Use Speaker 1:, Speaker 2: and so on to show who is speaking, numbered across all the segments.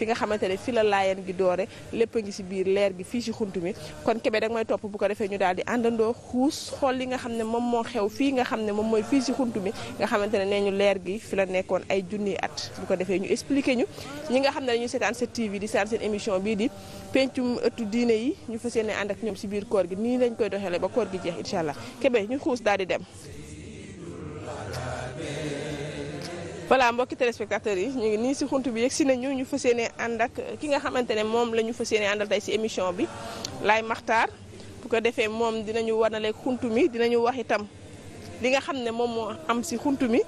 Speaker 1: fi nga xamante ne fi la laayeen gi doore lépp a ngi si biir leer gi fii si xunt mi kon kebe dag may topp bu ko defee ñu daal di àndandoo xuus xool li nga xam ne moom moo xew fii nga xam ne moom mooy fii si xunt mi nga xamante ne nee ñu leer gi fi la nekkoon ay junniy at bu ko defee ñu expliqué ñu ñi nga xam ne dañuy seetaan sa TV di seetaan seen émission bii di pencum ëttu diine yi ñu fas yéene ànd ak ñoom si biir koor gi nii lañ koy doxalee ba koor gi jeex incha allah kebe ñu xuus daal dem voilà mbokki téléspectateurs yi ñu ngi nii si xunt bi yegg si nañu ñu fas yéene ànd ak ki nga xamante ne moom la ñu fas yéene àndal si émission bi Laye Makhtar bu ko defee moom dinañu wanaleeg xunt mi dinañu wax itam li nga xam ne moom moo am si xunt mi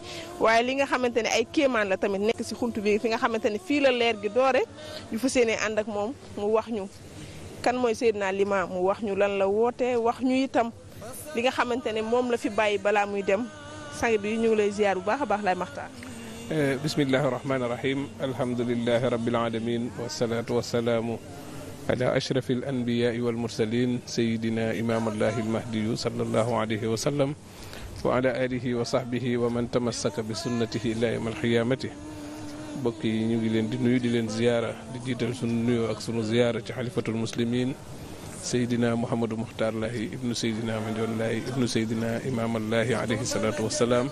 Speaker 1: waaye li nga xamante ne ay kéemaan la tamit nekk si xunt bi fi nga xamante ne fii la leer gi doore ñu fas yéene ànd ak moom mu wax ñu kan mooy Seydina Limam mu wax ñu lan la woote wax ñu itam li nga xamante ne moom la fi bàyyi balaa muy dem sang bi ñu ngi lay ziar bu baax a baax lay Makhtar
Speaker 2: bismillahi irrahmani irrahim alhamdulilahi rabilalamin wasalaatu wasalaamu ala ashrafi alanbiyaai walmursalin sayidina imaamallahi almahdiyu salallahu alayhi wa sallam wa ala alihi wa sahbihi wa man tamassaka bi sunnatihi ila yawm alqiyamati mbokk yi ñu ngi leen di nuyu di leen ziyaara di jiital sunu nuyoo ak sunu ziyaara ci xalifatul muslimin Seydina Mouhamadou Muxtaar Lahi ibnu Seydina Mandione Lahi ibnu Seydina Imaam Lahi alayhi salaatu wassalaam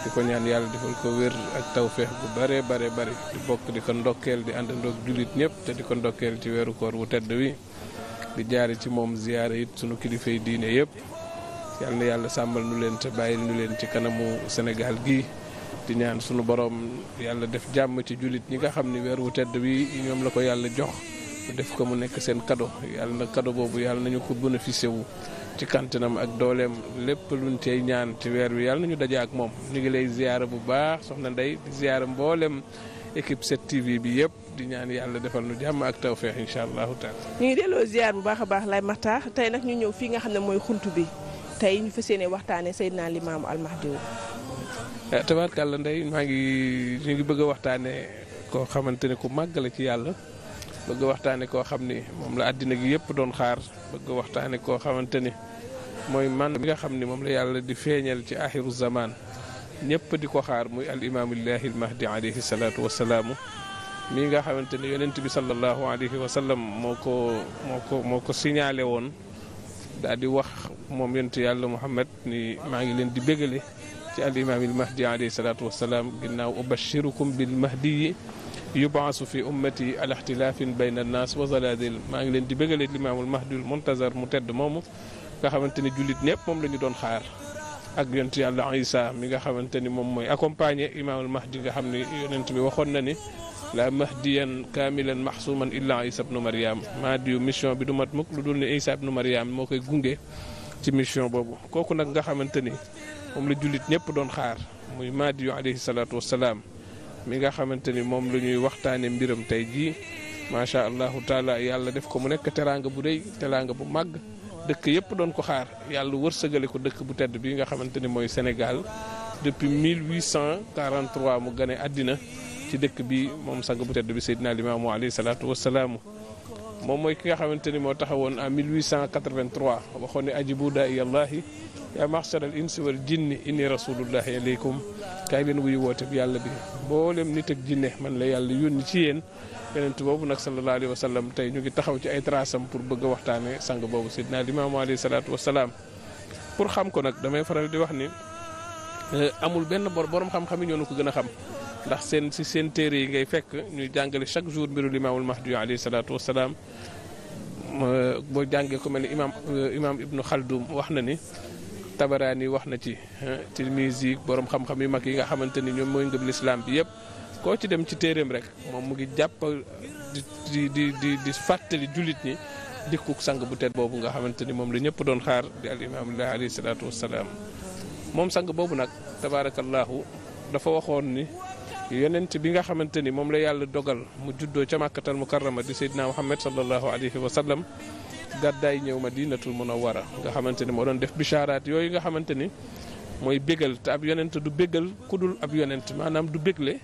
Speaker 2: di ko ñaan yàlla defal ko wér ak tawféex bu bare bare bare di bokk di ko ndokkeel di ànd àndandoog julit ñëpp te di ko ndokkeel ci weeru koor wu tedd wi di jaare ci moom ziyaara it sunu kilifay diine yëpp yal yàlla sàmmal nu leen te bàyyil nu leen ci kanamu Sénégal gi di ñaan sunu borom yàlla def jàmm ci jullit ñi nga xam ni weer wu tedd wi ñoom la ko yàlla jox def ko mu nekk seen kado yàlla na kado boobu yàlla nañu ko bénéficier wu ci kantinam ak dooleem lépp luñ tey ñaan ci weer wi yàlla nañu daje ak moom ñu ngi lay ziyaara bu baax soxna Ndey di ziyaara mboolem équipe 7TV bi yëpp di ñaan yàlla defal nu jàmm ak tawféex incha allahu taal
Speaker 1: ñu ngi bu baax a baax lay maxtaax tey nag ñu ñëw fii nga xam ne mooy xunt bi tey ñu fas yéene waxtaanee Seydina Limaamu Almahdi.
Speaker 2: Eh, tabaarkàlla ndey maa ngi ñu ngi bëgg a waxtaanee koo xamante ne ku màgg la ci yàlla. bëgg waxtaane koo xam ni moom la àddina gi yëpp doon xaar bëgg waxtaane koo xamante ni mooy man mi nga xam ni moom la yàlla di feeñal ci axiru zamaan ñëpp di ko xaar muy al imaamullahi al mahdi alayhi salaatu wasalaamu mi nga xamante ni yonent bi sallallahu alayhi wa sallam moo ko moo ko moo ko signalé woon daal di wax moom yonent yàlla muhammad ni maa ngi leen di bégale ci al imaamil mahdi alayhi salaatu wasalaam ginnaaw ubashirukum bil mahdi yi yubaasu fi ummati ala ixtilaafin bayna annaas wa zalaazil maa ngi leen di bëggale limaamul mahdul muntazar mu tedd moomu nga xamante ni jullit ñëpp moom la ñu doon xaar ak yonent yàlla Isa mi nga xamante ni moom mooy accompagner imaamul mahdi nga xam ne yonent bi waxoon na ni la mahdiyan kaamilan mahsuman illa Isa ibnu Maryam mahdi yu mission bi du mat mukk lu dul ne Isa ibnu Maryam moo koy gunge ci mission boobu kooku nag nga xamante ni moom la jullit ñëpp doon xaar muy mahdi yu alayhi salaatu wassalaam mi nga xamante ni moom la ñuy waxtaane mbiram tey jii macha allahu taala yàlla def ko mu nekk teraanga bu rëy teraanga bu màgg dëkk yëpp doon ko xaar yàlla wërsëgale ko dëkk bu tedd bi nga xamante ni mooy Sénégal depuis 1843 mu gane àddina ci dëkk bi moom sang bu tedd bi Seydina Limaamu alayhi salaatu wasalaamu moom mooy ki nga xamante ni moo taxawoon en 1883 waxoon ne ajibu daa iyallahi yaa maxshar al insi wal jinni inni rasulullahi aleykum kaay leen wuyu woote bi yàlla bi mboolem nit ak jinne man la yàlla yónni ci yéen yonent boobu nag sallallahu alayhi wa sallam tey ñu ngi taxaw ci ay trasam pour bëgg a waxtaane sang boobu sidna limaamu alayhi salaatu wasalaam pour xam ko nag damay faral di wax ni eh, amul benn bor borom xam-xam yi ñoo ko gën a xam ndax seen si seen téere yi ngay fekk ñuy jàngale chaque jour mbiru limaamul mahdi alayhi salaatu wasalaam euh, boo jàngee ku mel ni imaam euh, imaam ibnu xaldum wax na ni tabaraani wax na ci ci musique borom xam-xam yu mag yi nga xamante ni ñoom mooy ngëm lislaam bi yëpp koo ci dem ci téeréem rek moom mu ngi jàpp di di di fàttali jullit ñi dikkuk sang bu tedd boobu nga xamante ni moom la ñëpp doon xaar di al imaamullah alayhi salaatu wasalaam moom sang boobu nag tabaarakallaahu dafa yonent bi nga xamante ni moom la yàlla dogal mu juddoo ca màkkatal mukarrama di seydina muhammad sallallahu alayhi wa sallam gàddaay ñëw madinatul munawwara nga xamante ni moo doon def bicharaat yooyu nga xamante ni mooy bégal te ab yonent du bégal kudul ab yonent maanaam du bégle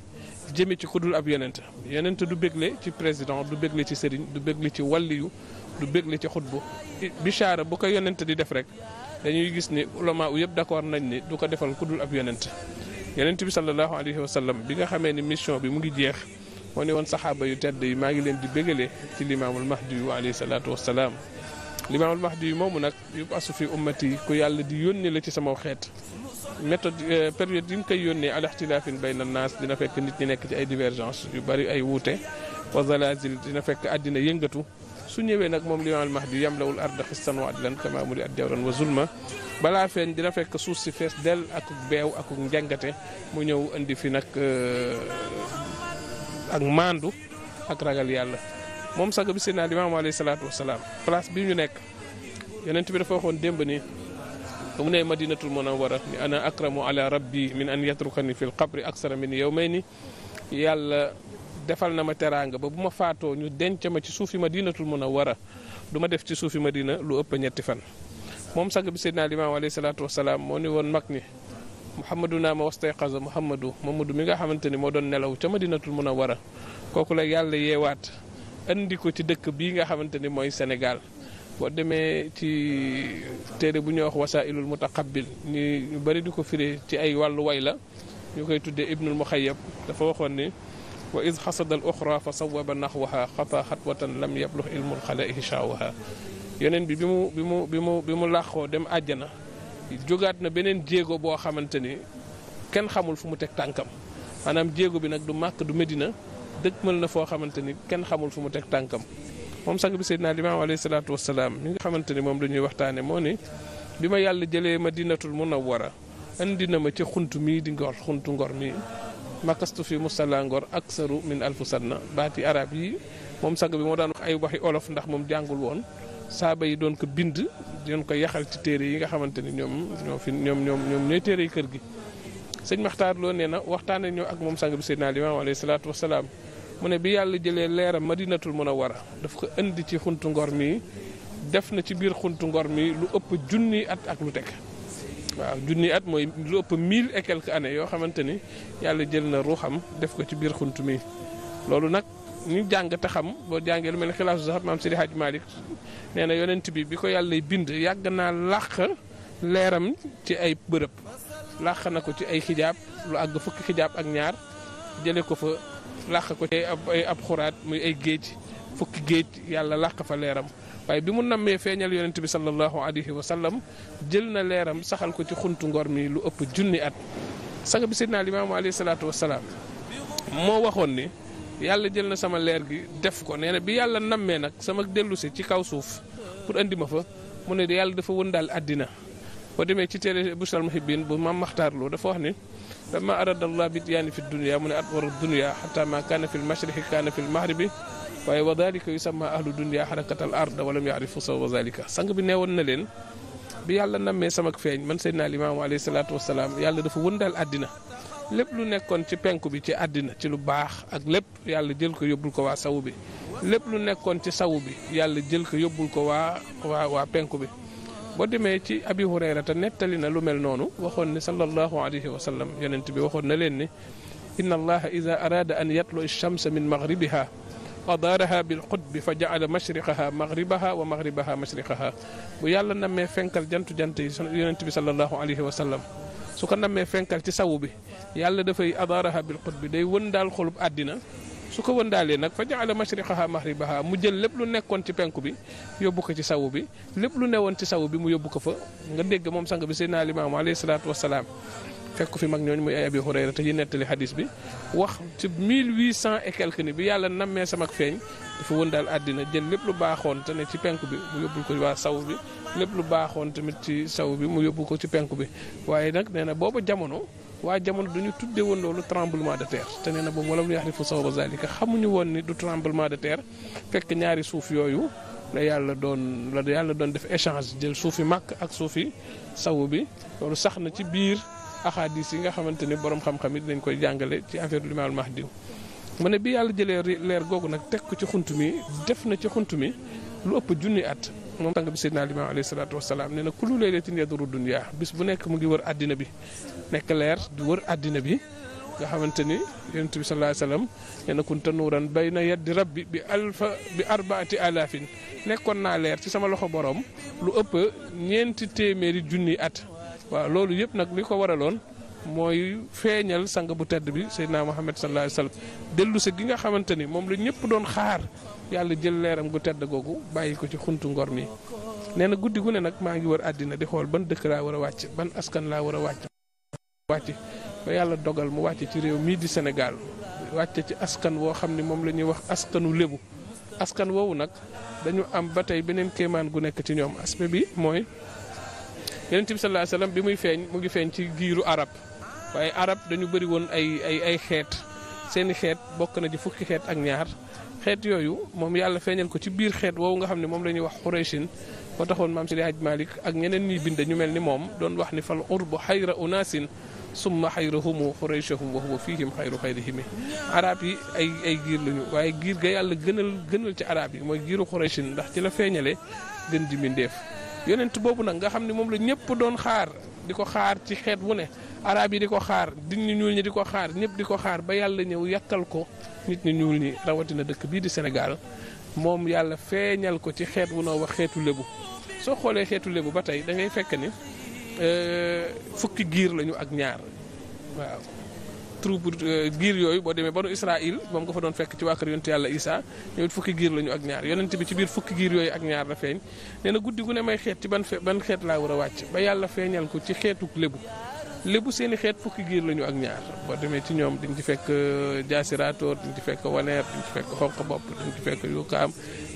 Speaker 2: jëme ci kudul ab yonent yonent du bégle ci président du bégle ci sëriñ du bégle ci walliyu du bégle ci xutbu bichara bu ko yonent di def rek dañuy gis ni ulama u d d'accord nañ ni du ko defal kudul ab yonent yonent bi sallallahu alayhi wa sallam bi nga xamee ni mission bi mu ngi jeex moo ne woon saxaaba yu tedd yi maa ngi leen di bégalee ci limaamul mahdi yu alayhi salaatu wasalaam limaamul mahdi yu moomu nag yubasu fi ummati ku yàlla di yónnee la ci sama xeet méthode euh, période yi mu koy yónnee al ixtilaafin bayna naas dina fekk nit ñi nekk ci ay divergence yu bari ay wuute wa zalazil dina fekk àddina yëngatu su ñëwee nag moom limaamul mahdi yamlawul arda xistan wa adlan kama muli at jawran wa zulma balaa feeñ dina fekk suuf si fees dell ak beew ak njàngate mu ñëw indi fi nag euh, ak maandu ak ragal yàlla moom sax bi seen alimaamu alayhi salaatu wasalaam place bi ñu nekk yonent bi dafa waxoon démb ni mu ne madinatul munawwara ni ana akramu ala rabbi min an yatrukani fil qabri aksara min yawmayni yàlla defal na ma teraanga ba bu ma faatoo ñu denc ma ci suufi madinatul a du ma def ci suufi diina lu ëpp ñetti fan moom sang bi seydina limaam alayhi salaatu wasalaam moo ni woon mag ni muhammadu naa ma wastayqaza muhammadu mamadu mi nga xamante ni moo doon nelaw ca madinatul munawwara kooku la yàlla yeewaat andi ko ci dëkk bii nga xamante ni mooy Sénégal boo demee ci téere bu ñuy wax wasailul mutaqabbil ñu bari di ko fire ci ay wàllu way la ñu koy tuddee ibnul muxayyab dafa waxoon ni wa id xasada al oxra fa sawaba naxwaha xata xatwatan lam yablux ilmul xalaihi shaawaha yeneen bi bi mu bi mu bi mu bi mu làqoo dem àjjana jógaat na beneen jéego boo xamante ni kenn xamul fu mu teg tànkam maanaam jéego bi nag du màkk du medina dëkkmal na foo xamante ni kenn xamul fu mu teg tànkam moom sang bi seydina limaam alayhi salaatu wasalaam mi nga xamante ni moom la ñuy waxtaane moo ni bi ma yàlla jëlee ma dinatul madinatul munawwara indi na ma ci xunt mii di ngor xunt ngor mii makastu fi musalla ngor aksaru min alfu sanna baati araab yi moom sang bi moo daan wax ay waxi olof ndax moom jàngul woon saaba yi doon ko bind doon ko yaxal ci téere yi nga xamante ni ñoom ñoo fi ñoom ñoom ñoom ñooy téere yi kër gi sëñ Maxtaar Lo nee na waxtaane ñoo ak moom sang bi Seydina Limaam alayhi salaatu wasalaam mu ne bi yàlla jëlee leeram madinatul munawwara daf ko indi ci xuntu ngor mi def na ci biir xuntu ngor mi lu ëpp junni at ak lu teg waaw junni at mooy lu ëpp mille et quelques années yoo xamante ni yàlla jël na ruuxam def ko ci biir xunt mi loolu nag ñu jàng te xam boo jàngee lu mel ne xilaasu sax maam si Hadj Malick nee na yonent bi bi ko yàlla bind yàgg naa làq leeram ci ay bërëb làq na ko ci ay xijaab lu àgg fukki xijaab ak ñaar jële ko fa làq ko ci ab ab xuraat muy ay géej fukki géej yàlla làq fa leeram waaye bi mu nammee feeñal yonent bi sallallahu alayhi wa sallam jël na leeram saxal ko ci xuntu ngor mi lu ëpp junni at sang bi seydina limaamu alayhi salaatu wasalaam moo waxoon ni yàlla jël na sama leer gi def ko nee na bi yàlla nammee nag sama dellusi ci kaw suuf pour indi ma fa mu ne yàlla dafa daal àddina boo demee ci téere bu salmahibin bu maam maxtaarloo dafa wax ni lama arada allah bityaani fi dunia mu ne at war dunia xata ma kaana fi lmashriqi kaana fi lmahribi waaye wa dalika yusamma ahlu dunia xarakat al ard walam yaarifu sawa zalika sang bi neewoon na leen bi yàlla nammee samak feeñ man seydina limaamu alayhi salaatu wasalaam yàlla dafa wëndaal àddina lépp lu nekkoon ci penku bi ci àddina ci lu baax ak lépp yàlla jël ko yóbbul ko waa sawu bi lépp lu nekkoon ci sawu bi yàlla jël ko yóbbul ko waa waa waa penku bi boo demee ci abi hurayrata nettali na lu mel noonu waxoon ne sallallahu alayhi wa sallam yonent bi waxoon na leen ne inna allaha ida araada an yatlu shamsa min maghribiha adaaraha bil qutbi fa jaala mashriqaha maghribaha wa maghribaha mashriqaha bu yàlla nammee fenkal jantu jant yi yonent bi sallallahu alayhi wa sallam su ko nammee fenkal ci sawu bi yàlla dafay adaaraha bil qutbi day wëndaal xolub àddina su ko wëndaalee nag fa jaala mashriqaha mahribaha mu jël lépp lu nekkoon ci penku bi yóbbu ko ci sawu bi lépp lu newoon ci sawu bi mu yóbbu ko fa nga dégg moom sang bi seydina limaamu alayhi salaatu wasalaam fekk fi mag ñooñu muy ay abi Hurayra te yi nettali xadis bi wax ci 1800 et quelque ni bi yàlla nammee sama feeñ dafa wëndaal àddina jël lépp lu baaxoon te ci penku bi mu yóbbul ko waa sawu bi lépp lu baaxoon tamit ci saw bi mu yóbbu ko ci penku bi waaye nag nee na booba jamono waa jamono dañu tudde woon loolu tremblement de terre te nee na boobu wala lu yaxrifu sawba zalika xamuñu woon ni du tremblement de terre fekk ñaari suuf yooyu la yàlla doon la yàlla doon def échange jël suufi màkk ak suufi sawu bi loolu sax na ci biir axaadis yi nga xamante ni borom xam-xam yi dinañ koy jàngale ci affaire limaal mahdi mu ne bi yàlla jëlee leer googu nag teg ko ci xunt mi def na ci xunt mi lu ëpp junni at moom sang bi Seydina Limaamu alayhi salaatu wasalaam nee na kullu laylatin yaduru dunya bis bu nekk mu ngi wër àddina bi nekk leer di wër àddina bi nga xamante ni yonent bi sallallahu alayhi wasallam nee na kunta nuuran bayna yaddi rabbi bi alfa bi arbaati alaafin nekkoon naa leer ci sama loxo borom lu ëpp ñeenti téeméeri junni at waaw loolu yëpp nag li ko waraloon mooy feeñal sang bu tedd bi Seydina Muhammad sallallahu alayhi wa dellu si gi nga xamante ni moom la ñëpp doon xaar yàlla jël leeram gu tedd googu bàyyi ko ci xuntu ngor mi nee na guddi gu ne nag maa ngi wër àddina di xool ban dëkk laa war wàcc ban askan laa war a wàcc wàcc ba yàlla dogal mu wàcc ci réew mii di senegal wàcc ci askan woo xam ne moom la ñuy wax askanu lébu askan woowu nag dañu am ba tey beneen kéemaan gu nekk ci ñoom aspect bi mooy Yonent bi bi muy feeñ mu ngi feeñ ci giiru arab waaye arab dañu bëri woon ay ay ay xeet seeni xeet bokk na ci fukki xeet ak ñaar xeet yooyu moom yàlla feeñal ko ci biir xeet woowu nga xam ne moom la wax xuraysin moo taxoon maam Seydi Hadj ak ñeneen ñuy bind ñu mel ni moom doon wax ni fal urbu xayra unaasin summa xayrahumu xuraysahum wa huwa fihim xayru xayrihimi arab yi ay ay giir lañu waaye giir ga yàlla gënal gënal ci arab yi mooy giiru xuraysin ndax ci la feeñale gën ji mindeef boobu nag nga xam ne moom la ñëpp doon xaar di ko xaar ci xeet wu ne arab yi di ko xaar nit ñu ñuul ñi di ko xaar ñëpp di ko xaar ba yàlla ñëw yàttal ko nit ñi ñuul ñi rawatina dëkk bii di senegal moom yàlla feeñal ko ci xeet wu noo wax xeetu lébu soo xoolee xeetu lébu ba tey da ngay fekk ni euh, fukki giir lañu ak ñaar waaw troupe euh, giir yooyu boo demee banu Israël moom nga fa doon fekk ci waa kër yonent yàlla Isa ñoom fukki giir ak ñaar yonent bi ci biir fukki giir yooyu ak ñaar la feeñ nee guddi gu ne may xeet ci ban ban xeet laa war a wàcc ba yàlla feeñal ko ci xeetuk lébu lébu seen i xeet fukki giir lañu ak ñaar boo demee ci ñoom dañ ci fekk euh, jaasiraatoor dañ ci fekk waneer dañ ci fekk xonq bopp dañ ci fekk yukaam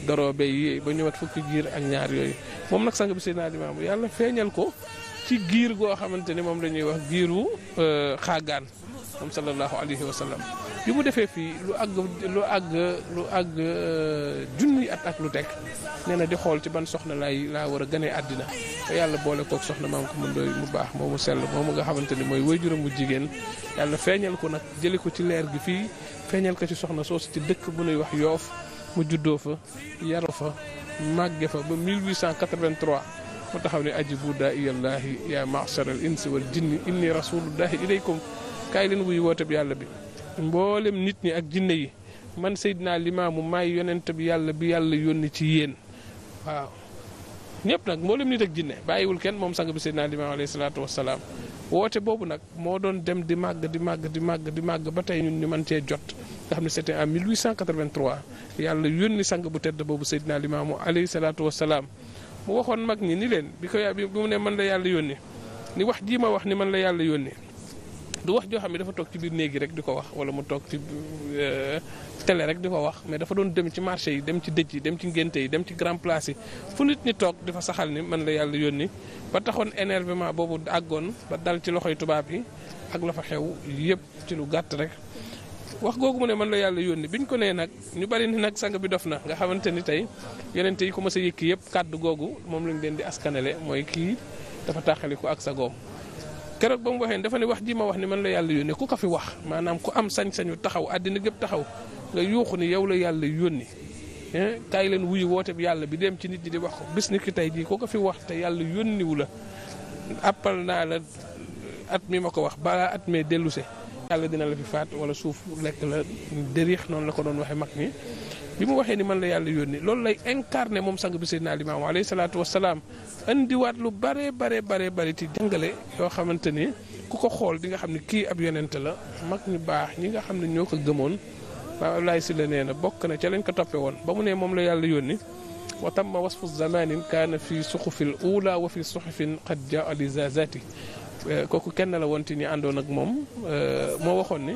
Speaker 2: doroobe ba ñu mat fukki giir ak ñaar yooyu moom nag sang bi seen alimaamu yàlla feeñal ko ci giir goo xamante ni moom lañuy ñuy wax giiru euh, xaagaan moom sallallahu alayhi wa sallam bi mu defee fii lu àgg lu àgg lu àgg euh, junni at ak lu teg nee na di xool ci ban soxna laay laa war a gënee àddina te yàlla boole kook soxna maam ko mën doy mu baax moomu sell moomu nga xamante ni mooy waajuram mu jigéen yàlla feeñal ko nag jëli ko ci leer gi fii feeñal ko ci soxna soosu ci dëkk bu nuy wax yoof mu juddoo fa yaroo fa màgge fa ba 1883 mu taxaw ne aji bu daa iyallaahi yaa maasar al insi wal jinni inni rasulullahi ilaykum kaay leen wuy woote bi yàlla bi mboolem nit ñi ak jinne yi man Seydina Limaamu may yonent bi yàlla bi yàlla yónni ci yéen waaw ñëpp nag mboolem nit ak jinne bàyyiwul kenn moom sang bi Seydina Limaamu alayhi salaatu wasalaam woote nag moo doon dem di màgg di màgg di màgg di màgg ba tey ñun ñu mën cee jot nga xam ne c'était en 1883 yàlla yónni sang bu tedd boobu Seydina Limaamu alayhi salaatu wasalaam mu waxoon mag ñi ni leen bi ko bi mu ne man la yàlla yónni ni wax jii ma wax ni man la yàlla yónni du wax joo xam ne dafa toog ci biir néegi rek di ko wax wala mu toog ci euh, tele rek di ko wax mais dafa doon dem ci marché yi dem ci dëj yi dem ci ngénte yi dem ci grand place yi fu nit ñi toog di fa saxal ni man la yàlla yónni ba taxoon énervement boobu àggoon ba dal ci loxoy tubaab yi ak la fa xew yëpp ci lu gàtt rek. wax googu mu ne man la yàlla yónni biñ ko nee nag ñu bari ni nag sang bi dof na nga xamante ni tey yonente yi ko ma a yëkki yëpp kàddu googu moom lañ leen di askanale mooy kii dafa taxali ko ak sa goom keroog ba mu waxee dafa ne wax ji ma wax ni man la yàlla yónni ku ko fi wax maanaam ku am sañ-sañu taxaw àddina gépp taxaw nga yuuxu ni yow la yàlla yónni kaay leen wuyu woote bi yàlla bi dem ci nit ñi di wax ko bis ni ki tey jii ku ko fi wax te yàlla yónniwu la appal naa la at mi ma ko wax balaa at mee dellusee yàlla dina la fi faat wala suuf lekk la dériix noonu la ko doon waxee mag ñi bi mu waxee ni man la yàlla yónni loolu lay incarné moom sang bi Seydina Limaamu alayhi salaatu wasalaam indiwaat lu bare bare bare bare ti jàngale yoo xamante ni ku ko xool di nga xam ne kii ab yonent la mag ñu baax ñi nga xam ne ñoo ko gëmoon waaw Abdoulaye Sylla nee na bokk na ca lañ ko toppee woon ba mu ne moom la yàlla yónni wa tamma wasfu zamanin kaana fi suxufil ula wa fi suxufin qad jaa li zazati kooku kenn la woon ti ñi àndoon ak moom moo waxoon ni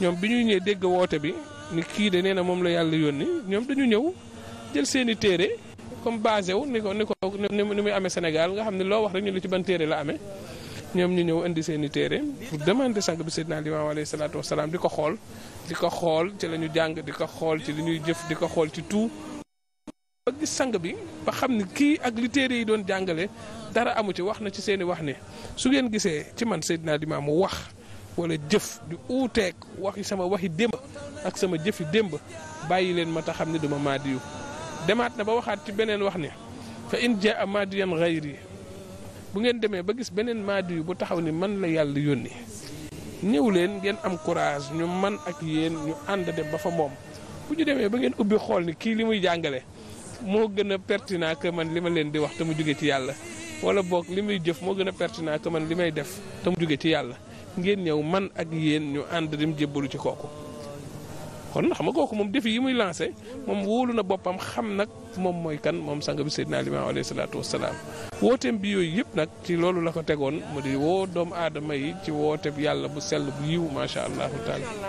Speaker 2: ñoom bi ñuy ñëwee dégg woote bi ni kii de nee na moom la yàlla yónni ñoom dañu ñëw jël seeni téere comme basé wu ni ko ni ko ni muy amee senegal nga xam ne loo wax rek ñu la ci ban téere la amee ñoom ñu ñëw indi seeni téere pour demande sànq bi Seydina Limaamu alayhi salaatu wasalaam di ko xool di ko xool ci la ñu jàng di ko xool ci li ñuy jëf di ko xool ci tout ba gis sang bi ba xam ne kii ak li téere yi doon jàngale dara amu ci wax na ci seeni wax ne su ngeen gisee ci man Seydina Limaamu wax wala jëf di uuteeg waxi sama waxi démb ak sama jëfi démb bàyyi leen ma ta xam ne duma maadiyu demaat na ba waxaat ci beneen wax ne fa in jaa maadiyan xayri bu ngeen demee ba gis beneen maadiyu bu taxaw ni man la yàlla yónni ñëw leen ngeen am courage ñu man ak yeen ñu ànd dem ba fa moom bu ñu demee ba ngeen ubbi xool ni kii li muy jàngale moo gën a pertinent man li ma leen di wax te mu jóge ci yàlla wala boog li muy jëf moo gën a pertinent man li may def te mu jóge ci yàlla ngeen ñëw man ak yéen ñu ànd dem jébbalu ci kooku kon ndax ma kooku moom défi yi muy lancé moom wóolu na boppam xam nag moom mooy kan moom sang bi Seydina Limaamu alayhi salaatu wasalaam wooteem bi yooyu yëpp nag ci loolu la ko tegoon mu di woo doomu aadama yi ci wooteeb yàlla bu sell bu yiw macha allah.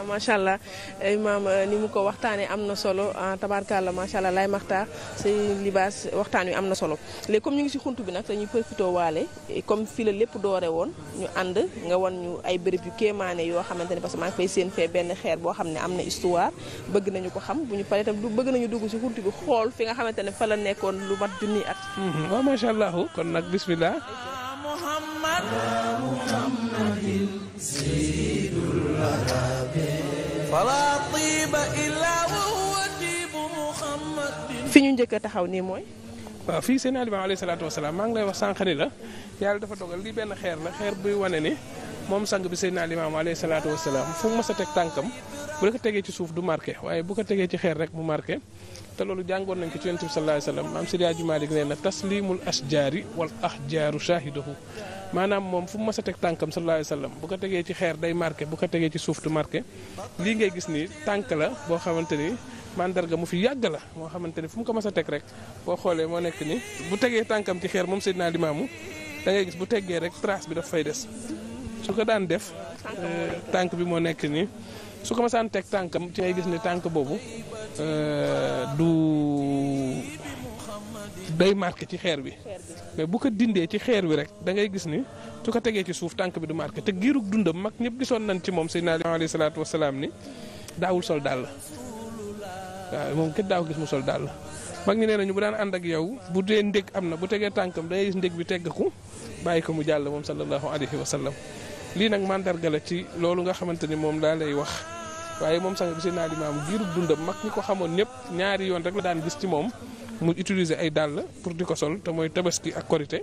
Speaker 1: macha allah imaam eh, ni mu ko waxtaanee am na solo ah, tabaarkalla macha allah lay maxtaar say libaas waxtaan wi am na solo léegi comme ñu ngi si xunt bi nag dañuy profité waale eh, comme fii la lépp doore woon ñu ànd nga wan ñu ay béréb yu kéemaane yoo xamante ne parce que maa ngi fay seen fee benn xeer boo xam ne am na histoire bëgg nañu ko xam bu ñu paree tam bëgg nañu dugg si xunt bi xool fi nga xam xamante fa la nekkoon lu mat nii at. Mhm. waaw macha allah kon nag bismillah. fi ñu njëkk taxaw nii mooy.
Speaker 2: waaw fii seen alimaam alayhi salaatu wasalaam maa ngi lay wax sànq ni la yàlla dafa dogal lii benn xeer la xeer buy wane ni moom sang bi seen alimaam alayhi salaatu wasalaam fu mu mës a teg tànkam bu la ko tegee ci suuf du marqué waaye bu ko tegee ci xeer rek mu marke te loolu jàngoon nañ ko ci yonent bi sallallahu alayhi wasallam maam Seydi Hadji Malick nee na taslimul asjaari wal ahjaaru shaahidahu maanaam moom fu mu mës a teg tànkam sallallahu alayhi wasallam bu ko tegee ci xeer day marqué bu ko tegee ci suuf tu marqué lii ngay gis nii tànk la boo xamante ni mandarga mu fi yàgg la moo xamante ni fu mu ko mës a teg rek boo xoolee moo nekk ni bu tegee tànkam ci xeer moom Seydina Limaamu da ngay gis bu tegee rek trace bi daf fay des su ko daan def eh, tànk bi moo nekk ni su ko masaan teg tànkam ci ngay gis ne tànk boobu euh, du day marqué ci xeer bi mais bu ko dindee ci xeer bi rek dangay gis ni su ko tegee ci suuf tànk bi du marqué te giirug dundam mag ñëpp gisoon nañ ci moom Seydina Ali alayhi salaatu wasalaam ni daawul sol dàll waaw moom kenn daaw gis mu sol dàll mag ñi nee nañu bu daan ànd ak yow bu dee ndég am na bu tegee tànkam da ngay gis ndég bi teggaku bàyyi ko mu jàll moom sallallahu alayhi wa sallam lii nag mandarga la ci loolu nga xamante ni moom laa lay wax waaye moom sang bi Seydina Limaamu giirub dundam mag ñi ko xamoon ñëpp ñaari yoon rek la daan gis ci moom mu utiliser ay dàll pour di ko sol te mooy tabaski ak korité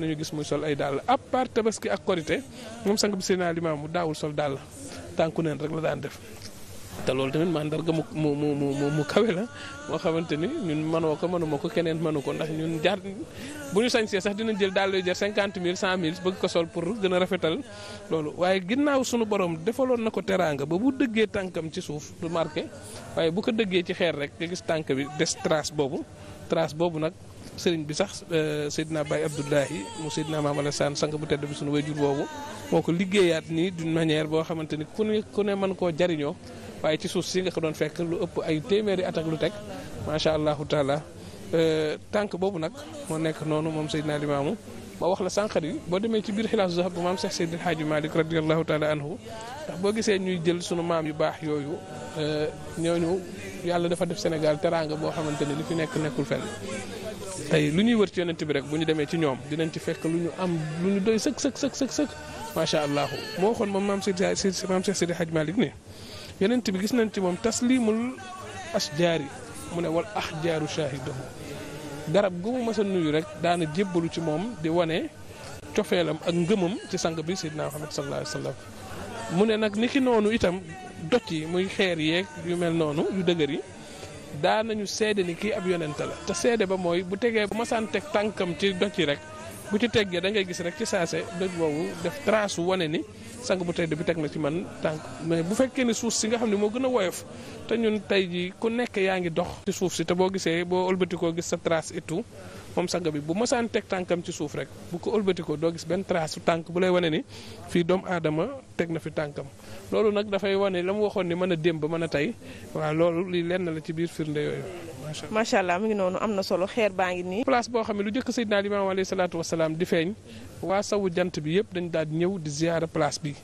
Speaker 2: ñu gis muy sol ay dàll à part tabaski ak korité moom sang bi Seydina Limaamu daawul sol dàll tànku neen rek la daan def te loolu tamit mandarga mu mu mu mu kawe la moo xamante ni ñun mënoo ko mënuma ko keneen mënu ko ndax ñun jaar bu ñu sañsee sax dina jël daal lay jar cinquante mille cent mille bëgg ko sol pour gën a rafetal loolu. waaye ginnaaw sunu borom defaloon na ko teraanga ba bu dëggee tànkam ci suuf du marqué waaye bu ko dëggee ci xeer rek nga gis tànk bi des trace boobu trace boobu nag. sëriñ bi sax euh, Seydina Baye Abdoulahi mu Seydina Maam Alassane sang bu tedd bi suñu wayjur boobu moo ko liggéeyaat nii d'une manière boo xamante ni ku ne ku ne mën koo jariñoo waaye ci suuf si nga ko doon fekk lu ëpp ay téeméeri at lu teg macha allahu taala euh, tànk boobu nag moo nekk noonu moom naa Seydina Limaamu ma wax la sànqat yi boo demee ci biir xilaasu zahab bu maam Seex Seydil Haaji Malik radiallahu taala anhu ndax boo gisee ñuy jël sunu maam yu baax yooyu euh, ñooñu yàlla dafa def Sénégal teraanga boo xamante ni li fi nekk nekkul fenn tey lu ñuy wër ci yonent bi rek bu ñu demee ci ñoom dinañ ci fekk lu ñu am lu ñu doy sëkk sëkk sëkk sëkk sëkk macha allah moo waxoon moom maam Seydi maam Cheikh Seydi Hadj Malick ne yonent bi gis nañ ci moom taslimul yi mu ne wal ahjaaru shaahidahu garab gu mu mës a nuyu rek daana jébbalu ci moom di wane cofeelam ak ngëmam ci sang bi Seydina Muhammad sallallahu alayhi wa sallam mu ne nag niki noonu itam doj yi muy xeer yeeg yu mel noonu yu dëgër yi. daa nañu seede ni kii ab yonente la te seede ba mooy bu tegee bu masaan teg tànkam ci doj yi rek bu ci teggee da ngay gis rek ci saase doj boobu def trace wane ni sang bu tedd bi teg na ci man tànk mais bu fekkee ni suuf si nga xam ne moo gën a woyof te ñun tey ji ku nekk yaa ngi dox ci suuf si te boo gisee boo ëlbatikoo gis sa trace et tout moom sang bi bu mosaan teg tànkam ci suuf rek bu ko ëlbatikoo doo gis benn trace su tànk bu lay wane ni fii doomu aadama teg na fi tànkam loolu nag dafay wane la mu waxoon ni mën a démb mën a tey waaw loolu lii lenn la ci biir firnde yooyu macha allah mu ngi noonu am na solo xeer baa ngi nii place boo xam ne lu jëkk Seydina Limaamu alayhi salaatu wasalaam di feeñ waa sawu jant bi yëpp dañ daal ñëw di ziyaara place bi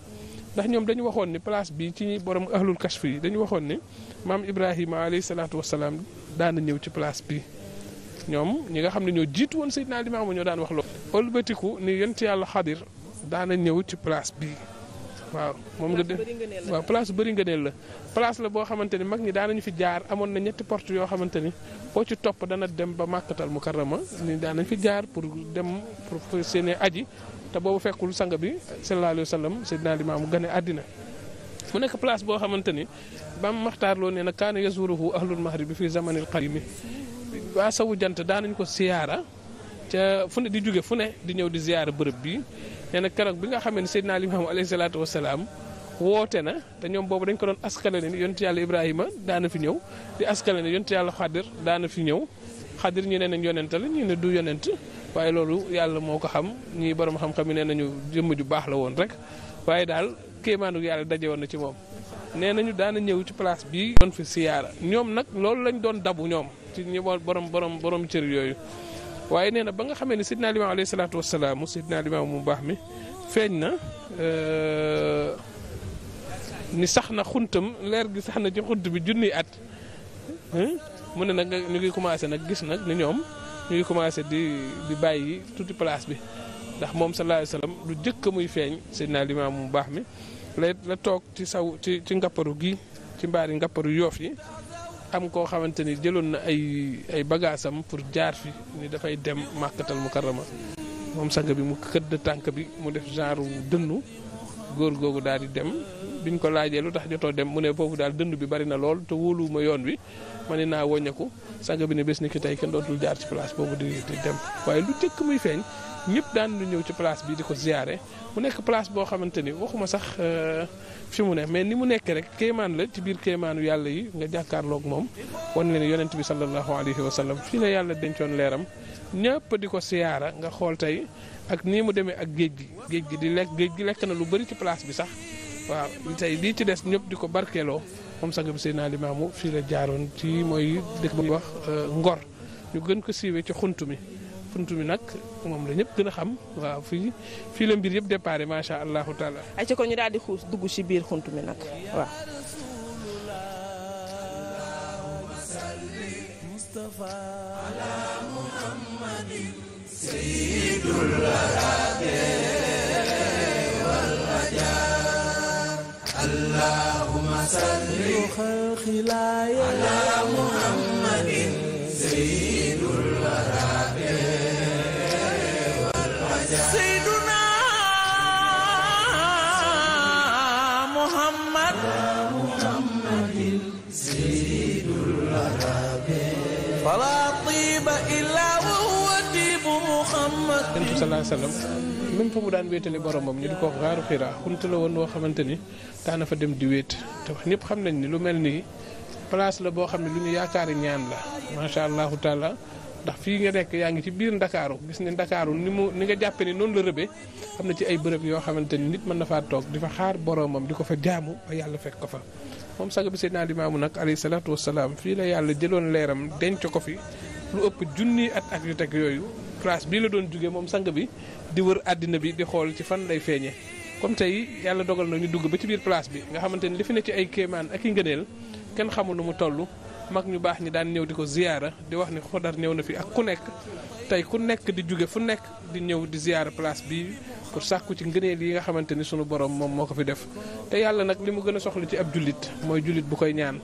Speaker 2: ndax ñoom dañu waxoon ni place bi ci borom ahlul kashf yi dañu waxoon ni maam Ibrahima alayhi salaatu wasalaam daana ñëw ci place bi ñoom ñi xam ne ñoo jiitu woon Seydina Limaamu ñoo daan wax loolu. ëlbatiku ni yent yàlla xadir daana ñëw ci place bii waaw moom nga def waaw place bëri ngëneel la place la boo xamante ni mag ñi daan nañu fi jaar amoon na ñetti porte yoo xamante ni boo ci topp dana dem ba màkkatal mu karama ni daan nañ fi jaar pour dem pour seeni aji te boobu fekkul sang bi sallallahu alayhi wa sallam Seydina Limaamu gane àddina mu nekk place boo xamante ni bam maxtaarloo nee na kaana yazuruhu ahlul mahri bi fii zamanil qadimi waa sawu jant daanañ ko siyaara ca fu ne di jóge fu ne di ñëw di siyaara bërëb bi nee na keroog bi nga xamee ne Seydina Limaamu alayhi salaatu wasalaam woote na te ñoom boobu dañ ko doon askale ni yontu yàlla Ibrahima daana fi ñëw di askale ni yàlla Xadir daana fi ñëw Xadir ne nañ yonent ne du yonent waaye loolu yàlla moo ko xam ñii boroom xam-xam yi nee nañu jëmm ju baax la woon rek waaye daal kéemaanu yàlla daje woon na ci moom. nee nañu daana ñëw ci place bi doon fi siyaara ñoom nag loolu lañ doon dabu ñoom ci ñi borom borom borom cër yooyu waaye nee na ba nga xamee ne sidna limaam alayhi salaatu wasalaam sidna limaam mu baax mi feeñ na euh, ni sax na xuntam leer gi sax na ci xunt bi junniy at mu ne nag ñu ngi commencé nag gis nag ni ñoom ñu ngi commencé di di bàyyi tuuti place bi ndax moom sallallahu alayhi wasallam du jëkk muy feeñ sidna limaam mu baax mi la la toog ci saw ci ci ngapparu gi ci mbaari ngapparu yoof yi am koo xamante ni jëloon na ay ay bagaasam pour jaar fi ni dafay dem màkkatal mu karama moom sang bi mu këdd tànk bi mu def genre dënnu góor googu daal di dem biñ ko laajee lu tax jotoo dem mu ne foofu daal dënd bi bari na lool te wóoluwuma yoon wi ma ne naa woññeeku sang bi ne bés ni ki tey kenn dootul jaar ci place boobu di di dem waaye lu jëkk muy feeñ ñëpp daan lu ñëw ci place bi di ko ziyaare mu nekk place boo xamante ni waxuma sax euh, fi mu ne mais ni mu nekk rek kéemaan la ci biir kéemaanu yàlla yi nga jàkkaarlook moom wan leen yonent bi sallallahu alayhi wa sallam fii la yàlla dencoon leeram ñëpp di ko siyaara nga xool tey ak nii mu demee ak géej gi géej gi di lekk géej gi lekk na lu bëri ci place bi sax waaw tey lii ci des ñëpp di ko barkeeloo moom sang bi Seydina Limaamu fii la jaaroon ci mooy dëkk bi wax euh, Ngor ñu gën ko siiwee ci xunt mi Koumpentoum bi nag moom la ñëpp gën a xam waaw fii fii la mbir yëpp déparé macha allahu taala.
Speaker 1: ay ci ko ñu daal di xuus dugg ci biir xunt mi nag waaw. allahumma salli ala muhammad سيدنا محمد محمد سيد العرب فلا طيب إلا وهو طيب محمد صلى
Speaker 2: الله عليه fa mu daan wéetale boromam ñu di ko wax gaaru xiraa xunt la woon woo xamante ni daana fa dem di wéet te wax ñëpp xam nañ ni lu mel nii place la boo xam ne lu ñu yaakaari ñaan la macha allahu taala ndax fii nga nekk yaa ngi ci biir ndakaaru gis ne ndakaaru ni mu ni nga jàppe ni noonu la rëbee am na ci ay bërëb yoo xamante ni nit mën na faa toog di fa xaar boroomam di ko fa jaamu ba yàlla fekk ko fa moom saga bi Seydina Limaamu nag alayhi salaatu wasalaam fii la yàlla jëloon leeram denc ko fi lu ëpp junni at ak yu teg yooyu place bii la doon jóge moom sang bi di wër àddina bi di xool ci fan lay feeñe comme tey yàlla dogal na ñu dugg ba ci biir place bi nga xamante ni li fi ne ci ay kéemaan ak i ngëneel kenn xamul nu mu toll mag ñu baax ñi daan ñëw di ko ziyaara di wax ni xodar ñëw na fi ak ku nekk tey ku nekk di jóge fu nekk di ñëw di ziyaara place bi pour sàkku ci ngëneel yi nga xamante ni sunu borom moom moo ko fi def te yàlla nag li mu gën a soxla ci ab jullit mooy jullit bu koy ñaan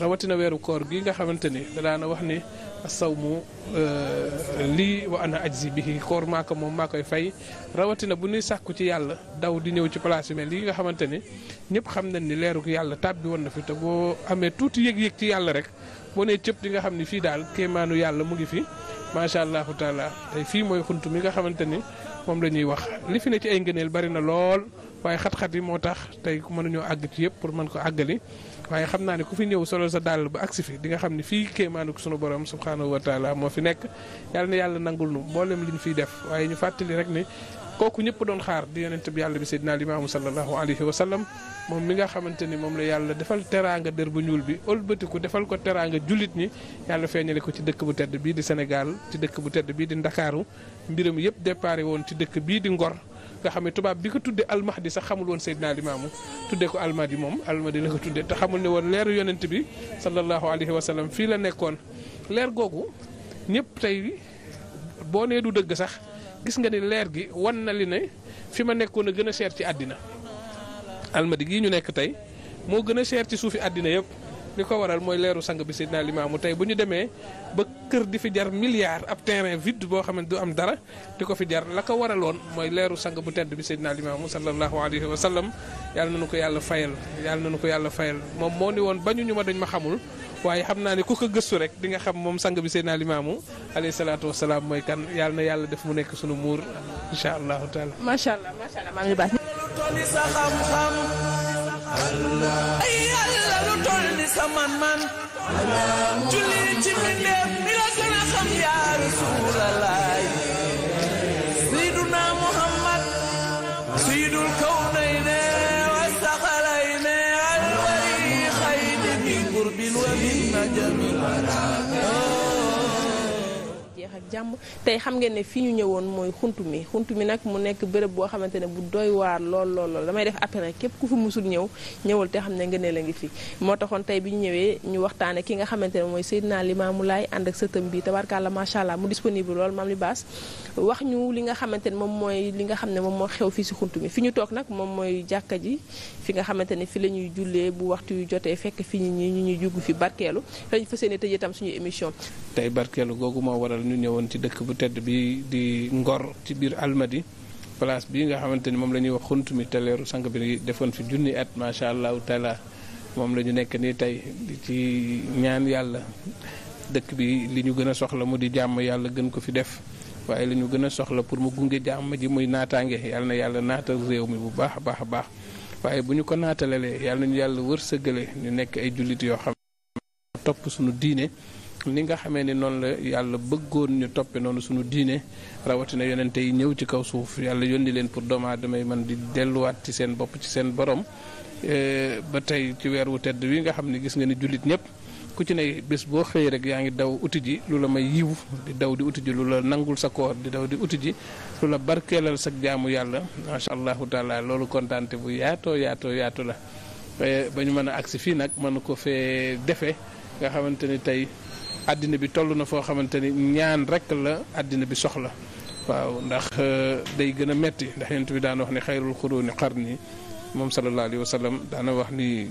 Speaker 2: rawatina weeru koor gi nga xamante ni da daana wax ni saw sawmu euh, lii wa ana ajzi bihi koor maa ko moom maa koy fay rawatina bu ñuy sàkku ci yàlla daw di ñëw ci place yu mel yi nga xamante ni ñëpp xam na ni leeru yàlla tàbbi woon na fi te boo amee tuuti yëg-yëg ci yàlla rek boo nee cëpp di nga xam ni fii daal kéemaanu yàlla mu ngi fi macha allahu taala tey fii mooy xunt mi nga xamante ni moom la ñuy wax li fi ne ci ay ngëneel bari na lool waaye xat-xat yi moo tax tey mënuñoo àgg ci yëpp pour mën ko àggali waaye xam naa ne ku fi ñëw solo sa dàll ba agsi fi di nga xam ne fii kéemaanu sunu borom subhanahu wa taala moo fi nekk yàlla na yàlla nangul nu mboolem liñ fiy def waaye ñu fàttali rek ne kooku ñëpp doon xaar di yonent bi yàlla bi seydinaa limaamu sallallahu alayhi wa sallam moom mi nga xamante ni moom la yàlla defal teraanga der bu ñuul bi ëlbatiku defal ko teraanga jullit ñi yàlla feeñale ko ci dëkk bu tedd bii di Sénégal ci dëkk bu tedd bii di Ndakaaru mbiram yëpp déparé woon ci dëkk bii di Ngor nga xam ne tubaab bi ko tuddee almahdi sax xamul woon Seydina Limaamu tuddee ko almadi moom almadi la ko tuddee te xamul ne woon leeru yonent bi sallallahu alayhi wa sallam fii la nekkoon leer googu ñëpp tey boo nee du dëgg sax gis nga ni leer gi wan na li ne fi ma nekkoon a gën a seer ci àddina almadi gii ñu nekk tey moo gën a seer ci suufi àddina yëpp. li ko waral mooy leeru sang bi Seydina Limaamu tey bu ñu demee ba kër di fi jar milliard ab terrain vide boo xam ne du am dara di ko fi jar la ko woon mooy leeru sang bu tedd bi Seydina Limaamu sallallahu alayhi wa sallam yàlla na nu ko yàlla fayal yàlla na ko yàlla fayal moom moo ni woon bañu ñu ma dañ ma xamul waaye xam naa ne ku ko gëstu rek di nga xam moom sang bi Seydina Limaamu alayhi salaatu wasalaam mooy kan yàlla na yàlla def mu nekk sunu muur incha
Speaker 1: macha allah macha allah maa ngi baax. sa man-man julli ci mbindeef mi la gën a xam yaa rasulallah jàmm tey xam ngeen ne fii ñu ñëwoon mooy xuntu mi xuntu mi nag mu nekk bërëb boo xamante ne bu doy waar lool lool lool damay def appel képp ku fi musul ñëw ñëwal te xam ne ngëneel la ngi fi moo taxoon tey bi ñu ñëwee ñu waxtaane ki nga xamante ne mooy Seydina Limaamu Laay ànd ak sëtam bi tabarkàlla macha allah mu disponible lool maam li baas wax ñu li nga xamante ne moom mooy li nga xam ne moom moo xew fii si xuntu mi fi ñu toog nag moom mooy jàkka ji fi nga xamante ne fi la ñuy jullee bu waxtu yu jotee fekk fi ñi ñi ñu ñuy jugg fi barkeelu lañu fas ne tëj itam suñu émission
Speaker 2: tey barkeelu googu moo waral ñu ñëw woon ci dëkk bu tedd bii di Ngor ci biir Almadi place bii nga xamante ni moom lañuy wax xunt mi te leeru sang bi defoon fi junni at macha allahu taala moom la ñu nekk nii tey di ci ñaan yàlla dëkk bi li ñu gën a soxla mu di jàmm yàlla gën ko fi def waaye li ñu gën a soxla pour mu gunge jàmm ji muy naataange yàlla na yàlla naatal réew mi bu baax a baax a baax waaye bu ñu ko naatalalee yàlla nañu yàlla wër sëggale ñu nekk ay jullit yoo xam topp suñu diine ni nga xamee ni noonu la yàlla bëggoon ñu toppe noonu suñu diine rawatina yeneen tey ñëw ci kaw suuf yàlla yónni leen pour doomu damay man di delluwaat ci seen bopp ci seen borom eh, ba tey ci weer wu tedd wi nga xam ne gis nga ni jullit ñëpp ku ci ne bés boo xëy rek yaa ngi daw uti ji lu la may yiw di daw di uti ji lu la nangul sa koor di daw di uti ji lu la barkeelal sa jaamu yàlla macha allahu taala loolu kontaante bu yaatoo yaatoo yaatu la eh, ba ñu mën a agsi fii nag mën ko fee defee nga xamante ni tey àddina bi toll na foo xamante ni ñaan rek la àddina bi soxla waaw ndax euh, day gën a metti ndax yonent bi daan wax ni xayrul xuruuni qarni moom sallallahu alayhi wa sallam daana wax ni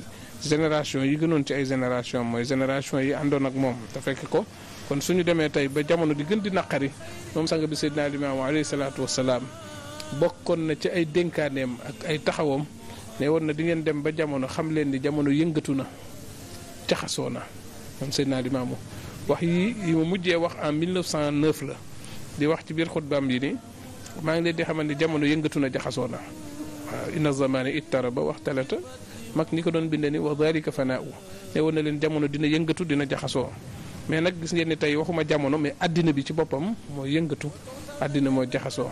Speaker 2: génération yi gënoon ci ay génération mooy génération yi àndoon ak moom te fekk ko kon suñu demee tey ba jamono di gën di naqari moom sang bi seydinaa limaamu alayhi salaatu wasalaam bokkoon na ci ay dénkaaneem ak ay taxawam ne woon na di ngeen dem ba jamono xam leen di jamono yëngatu na caxasoo na moom seydinaa limaamu wax yii yi ma mujjee wax en 1909 la di wax ci biir xutbaam yi ni maa ngi leen di xamal ne jamono yëngatu na jaxasoo na waaw inna zamaane ittara ba wax talata mag ñi ko doon bindee ni wa dalika fanaaw ne woon na leen jamono dina yëngatu dina jaxasoo mais nag gis ngeen ni tey waxuma jamono mais àddina bi ci boppam mooy yëngatu addina moo jaxasoo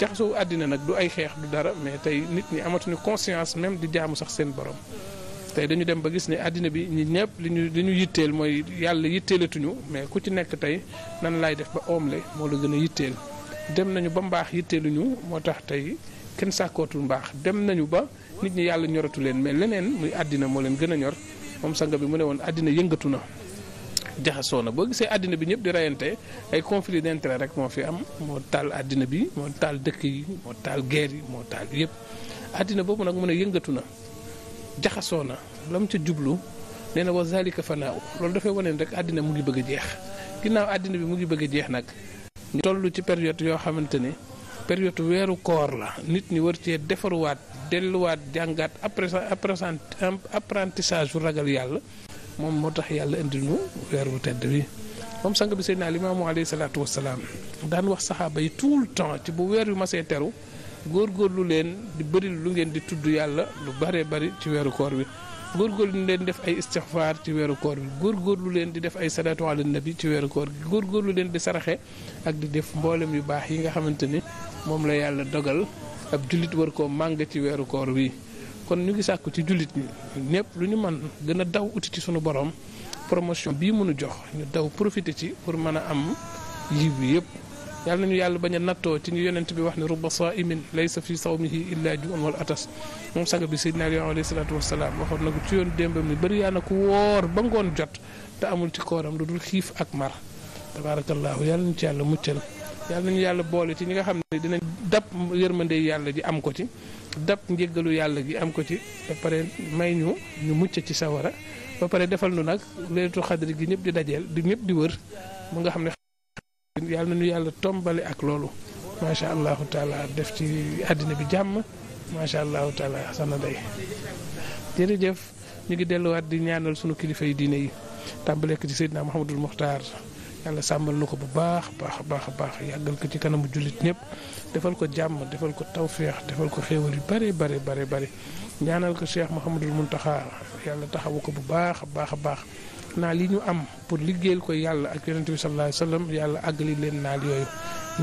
Speaker 2: jaxasoo àddina nag du ay xeex du dara mais tey nit ñi amatuñu conscience même di jaamu sax seen borom tey dañu dem ba gis ne àddina bi ñi ñëpp li ñu li ñu yitteel mooy yàlla yitteelatuñu mais ku ci nekk tey nan laay def ba oomle moo la gën a yitteel dem nañu ba mbaax yitteeluñu moo tax tey kenn sàkkootul mbaax dem nañu ba nit ñi yàlla ñoratu leen mais leneen muy àddina moo leen gën a ñor moom sanga bi mu ne woon àddina yëngatu na jaxasoo na boo gisee àddina bi ñëpp di rayante ay conflit d'intérêt rek moo fi am moo taal àddina bi moo taal dëkk yi moo taal guerre yi moo taal yëpp àddina boobu nag mu ne yëngatu na jaxasoo na la mu ca jublu nee na wa zalika fanaaw loolu dafay wane rek àddina mu ngi bëgg a jeex ginnaaw àddina bi mu ngi bëgg a jeex nag. ñu toll ci période yoo xamante ni période weeru koor la nit ñi war cee defaruwaat delluwaat jàngaat après apprentissage bu ragal yàlla moom moo tax yàlla indil ñu weeru tedd wi. moom sang bi Seydina Limaamu alayhi salaatu wa salaam daan wax saxaaba yi tout le temps ci bu weer yu masee teru. góor góorgóorlu leen di bëri lu ngeen di tudd yàlla lu bëree bëri ci weeru koor bi góorgóorlu leen def ay istixfaar ci weeru koor bi góorgóorlu leen di def ay salaatu ala nabi ci weeru koor bi góorgóorlu leen di saraxe ak di def mboolem yu baax yi nga xamante ni moom la yàlla dogal ab jullit war koo màng ci weeru koor wi kon ñu ngi sàkku ci jullit ñi ñëpp lu ñu mën gën a daw uti ci sunu borom promotion bii mënu jox ñu daw profité ci pour mën a am yiw bi yëpp yàlla nañu yàlla bañ a nattoo ci ñu yonent bi wax ne ruba saimin sa fi sawmihi illa juun wal atas moom sang bi sayyidina Lion waxoon na ko ci yoon démbam ni bëri yaa na ko woor ba ngoon jot te amul ci kooram lu dul xiif ak mar tabaarakallaahu yàlla nañu ci yàlla muccal yàlla nañu yàlla boole ci ñi nga xam ne dinañ dab yërmande yàlla ji am ko ci dab njéggalu yàlla gi am ko ci ba pare may ñu ñu mucc ci sawara ba pare defal nu nag leetu xadri gi di dajeel di ñëpp di wër mu yàlla nañu yàlla tombale ak loolu macha allahu taala def ci àddina bi jàmm macha allahu taala sana day jërëjëf ñu ngi delluwaat di ñaanal sunu kilifa yi diine yi tàmbale ko ci Seydina Mouhamadul Mokhtar yàlla sàmbal na ko bu baax baax baax baax yàggal ko ci kanamu jullit ñëpp defal ko jàmm defal ko tawféex defal ko xéewal yu bare bare bare bare ñaanal ko Cheikh Mouhamadul Mountakha yàlla taxawu ko bu baax baax baax. naa li ñu am pour liggéeyal ko yàlla ak yonente bi sallallahu alayhi wa sallam yàlla àggali leen naal yooyu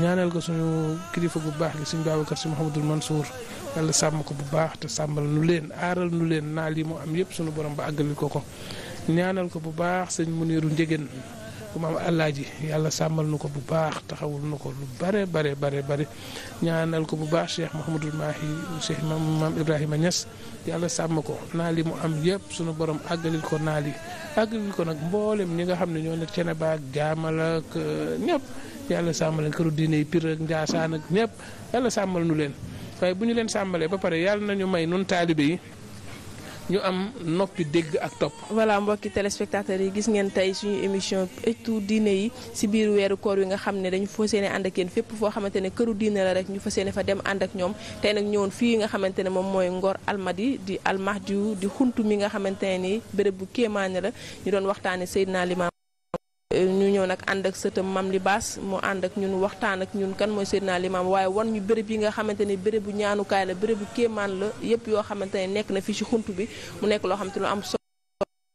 Speaker 2: ñaanal ko suñu kilifa bu baax suñu gi suñu Babacar si Mouhamadul Mansour yàlla sàmm ko bu baax te sàmmal nu leen aaral nu leen naal yi mu am yëpp suñu borom ba àggalil ko ko ñaanal ko bu baax sëñ Muniru Njegen ku maam Alaaji yàlla sàmmal nu ko bu baax taxawul nu ko lu bare bare bare bare ñaanal ko bu baax Cheikh Mahamadul Mahi Cheikh maam Ibrahima Niass yàlla sàmm ko naal yi mu am yëpp sunu borom àggalil ko naal yi àggalil ko nag mboolem ñi nga xam ne ñoo ne Ceneba ak Jaamal ak euh, ñëpp yàlla sàmmal leen këru diine yi ñëpp yàlla nu leen waaye bu ñu leen sàmmalee ba pare yàlla nañu may nun taalibe yi ñu am yu dégg ak topp.
Speaker 1: voilà mbokki téléspectateurs yi gis ngeen tey suñu émission ëttu diine yi si biir weeru koor yi nga xam ne dañu foo yéene ànd ak yéen fépp foo xamante ne këru diine la rek ñu fa yéene fa dem ànd ak ñoom tey nag ñëwoon fii nga xamante ne moom mooy Ngor Almadi di diw di xuntu mi nga xamante ne nii béréb bu kéemaane la ñu doon waxtaane Seydina Limam ñu ñëw nag ànd ak sëtam mam baas mu ànd ak ñun waxtaan ak ñun kan mooy Seydina Limaamu waaye wan ñu bërëb yi nga xamante ne bérébu ñaanukaay la bérébu kéemaan la yépp yoo xamante ne nekk na fii ci xunt bi mu nekk loo xamante lu am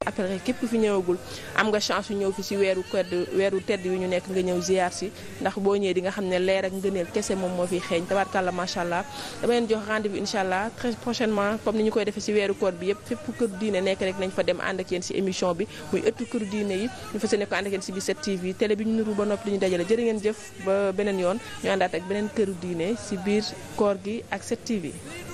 Speaker 1: appel rek képp ku fi ñëwagul am nga chance yu ñëw fi si weeru kedd weeru tedd yu ñu nekk nga ñëw ziar si ndax boo ñëwee di nga xam ne leer ak ngëneel kese moom moo fiy xeeñ tabarkàlla macha allah dama leen jox rendez-vous incha allah très prochainement comme ni ñu koy defee si weeru koor bi yëpp fépp kër diine nekk rek nañ fa dem ànd ak yéen si émission bi muy ëttu kër diine yi ñu fas yéene ko ànd ak yéen si biir 7TV télé bi ñu nuru ba noppi li ñu dajale jërë ngeen yoon ñu ak beneen këru diine si biir koor gi ak 7TV